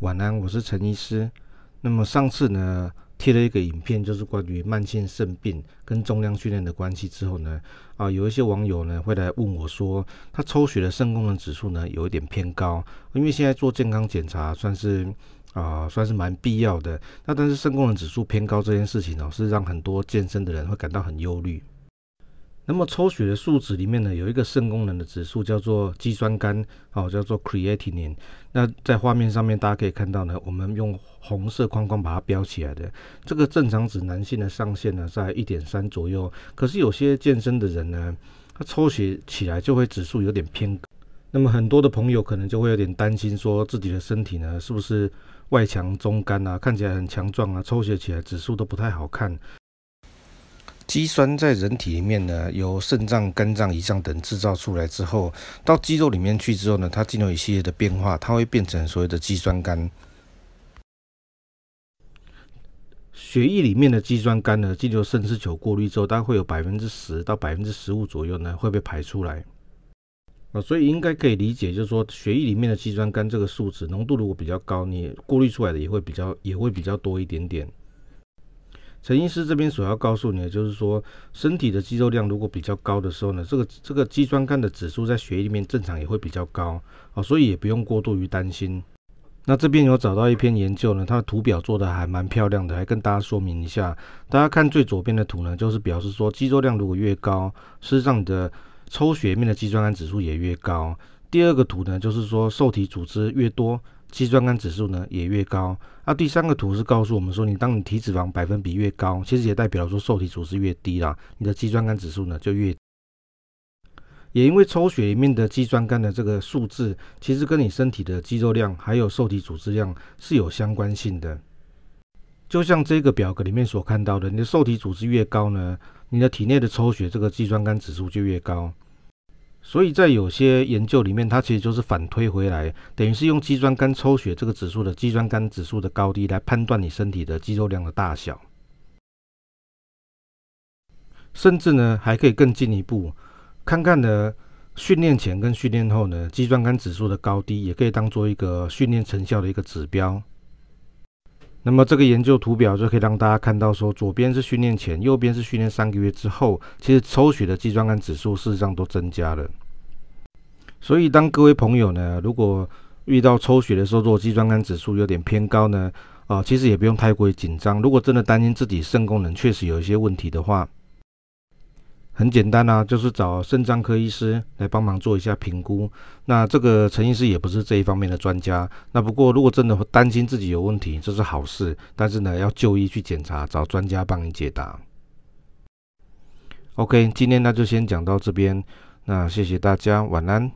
晚安，我是陳醫師。那麼上次呢，貼了一個影片，就是關於慢性腎病跟重量訓練的關係之後呢，啊、呃，有一些網友呢會來問我說，他抽血的腎功能指數呢有一點偏高，因為現在做健康檢查算是啊、呃、算是蠻必要的。那但是腎功能指數偏高這件事情呢、哦，是讓很多健身的人會感到很憂慮。那麼抽血的數值裡面呢，有一個腎功能的指數叫做肌酸酐，好、哦、叫做 creatinine。那在畫面上面大家可以看到呢，我們用紅色框框把它標起來的。這個正常值男性的上限呢在一點三左右，可是有些健身的人呢，他抽血起來就會指數有點偏高。那麼很多的朋友可能就會有點擔心，說自己的身體呢是不是外強中乾啊，看起來很強壯啊，抽血起來指數都不太好看。肌酸在人體裡面呢，由腎臟、肝臟、胰臟等制造出來之後，到肌肉裡面去之後呢，它進入一系列的變化，它會變成所謂的肌酸酐。血液裡面的肌酸酐呢，進入腎絲球過濾之後，它會有百分之十到百分之十五左右呢會被排出來。啊，所以應該可以理解，就是說血液裡面的肌酸酐這個數值濃度如果比較高，你過濾出來的也會比較也會比較多一點點。陳醫師這邊所要告訴你的就是說，身體的肌肉量如果比較高的時候呢，這個這個肌酸酐的指數在血液裡面正常也會比較高，啊、哦，所以也不用過度於擔心。那這邊有找到一篇研究呢，它的圖表做得還蠻漂亮的，還跟大家說明一下。大家看最左邊的圖呢，就是表示說肌肉量如果越高，事實上你的抽血面的肌酸酐指數也越高。第二個圖呢，就是說瘦體組織越多。肌酸酐指數呢也越高。那、啊、第三個圖是告訴我們說，你當你體脂肪百分比越高，其實也代表說瘦體組織越低啦，你的肌酸酐指數呢就越低。也因為抽血裡面的肌酸酐的這個數字，其實跟你身體的肌肉量還有瘦體組織量是有相關性的。就像這個表格裡面所看到的，你的瘦體組織越高呢，你的體內的抽血這個肌酸酐指數就越高。所以在有些研究裡面，它其實就是反推回來，等於是用肌酸酐抽血這個指數的肌酸酐指數的高低來判斷你身體的肌肉量的大小，甚至呢還可以更進一步看看呢訓練前跟訓練後呢肌酸酐指數的高低，也可以當做一個訓練成效的一個指標。那麼這個研究圖表就可以讓大家看到，說左邊是訓練前，右邊是訓練三個月之後，其實抽血的肌酸酐指數事實上都增加了。所以當各位朋友呢，如果遇到抽血的時候，若肌酸酐指數有點偏高呢，啊、呃，其實也不用太過於緊張。如果真的擔心自己腎功能確實有一些問題的話，很簡單啊，就是找腎臟科醫師來幫忙做一下評估。那這個陳醫師也不是這一方面的專家。那不過，如果真的擔心自己有問題，這、就是好事。但是呢，要就醫去檢查，找專家幫你解答。OK，今天呢就先講到這邊。那謝謝大家，晚安。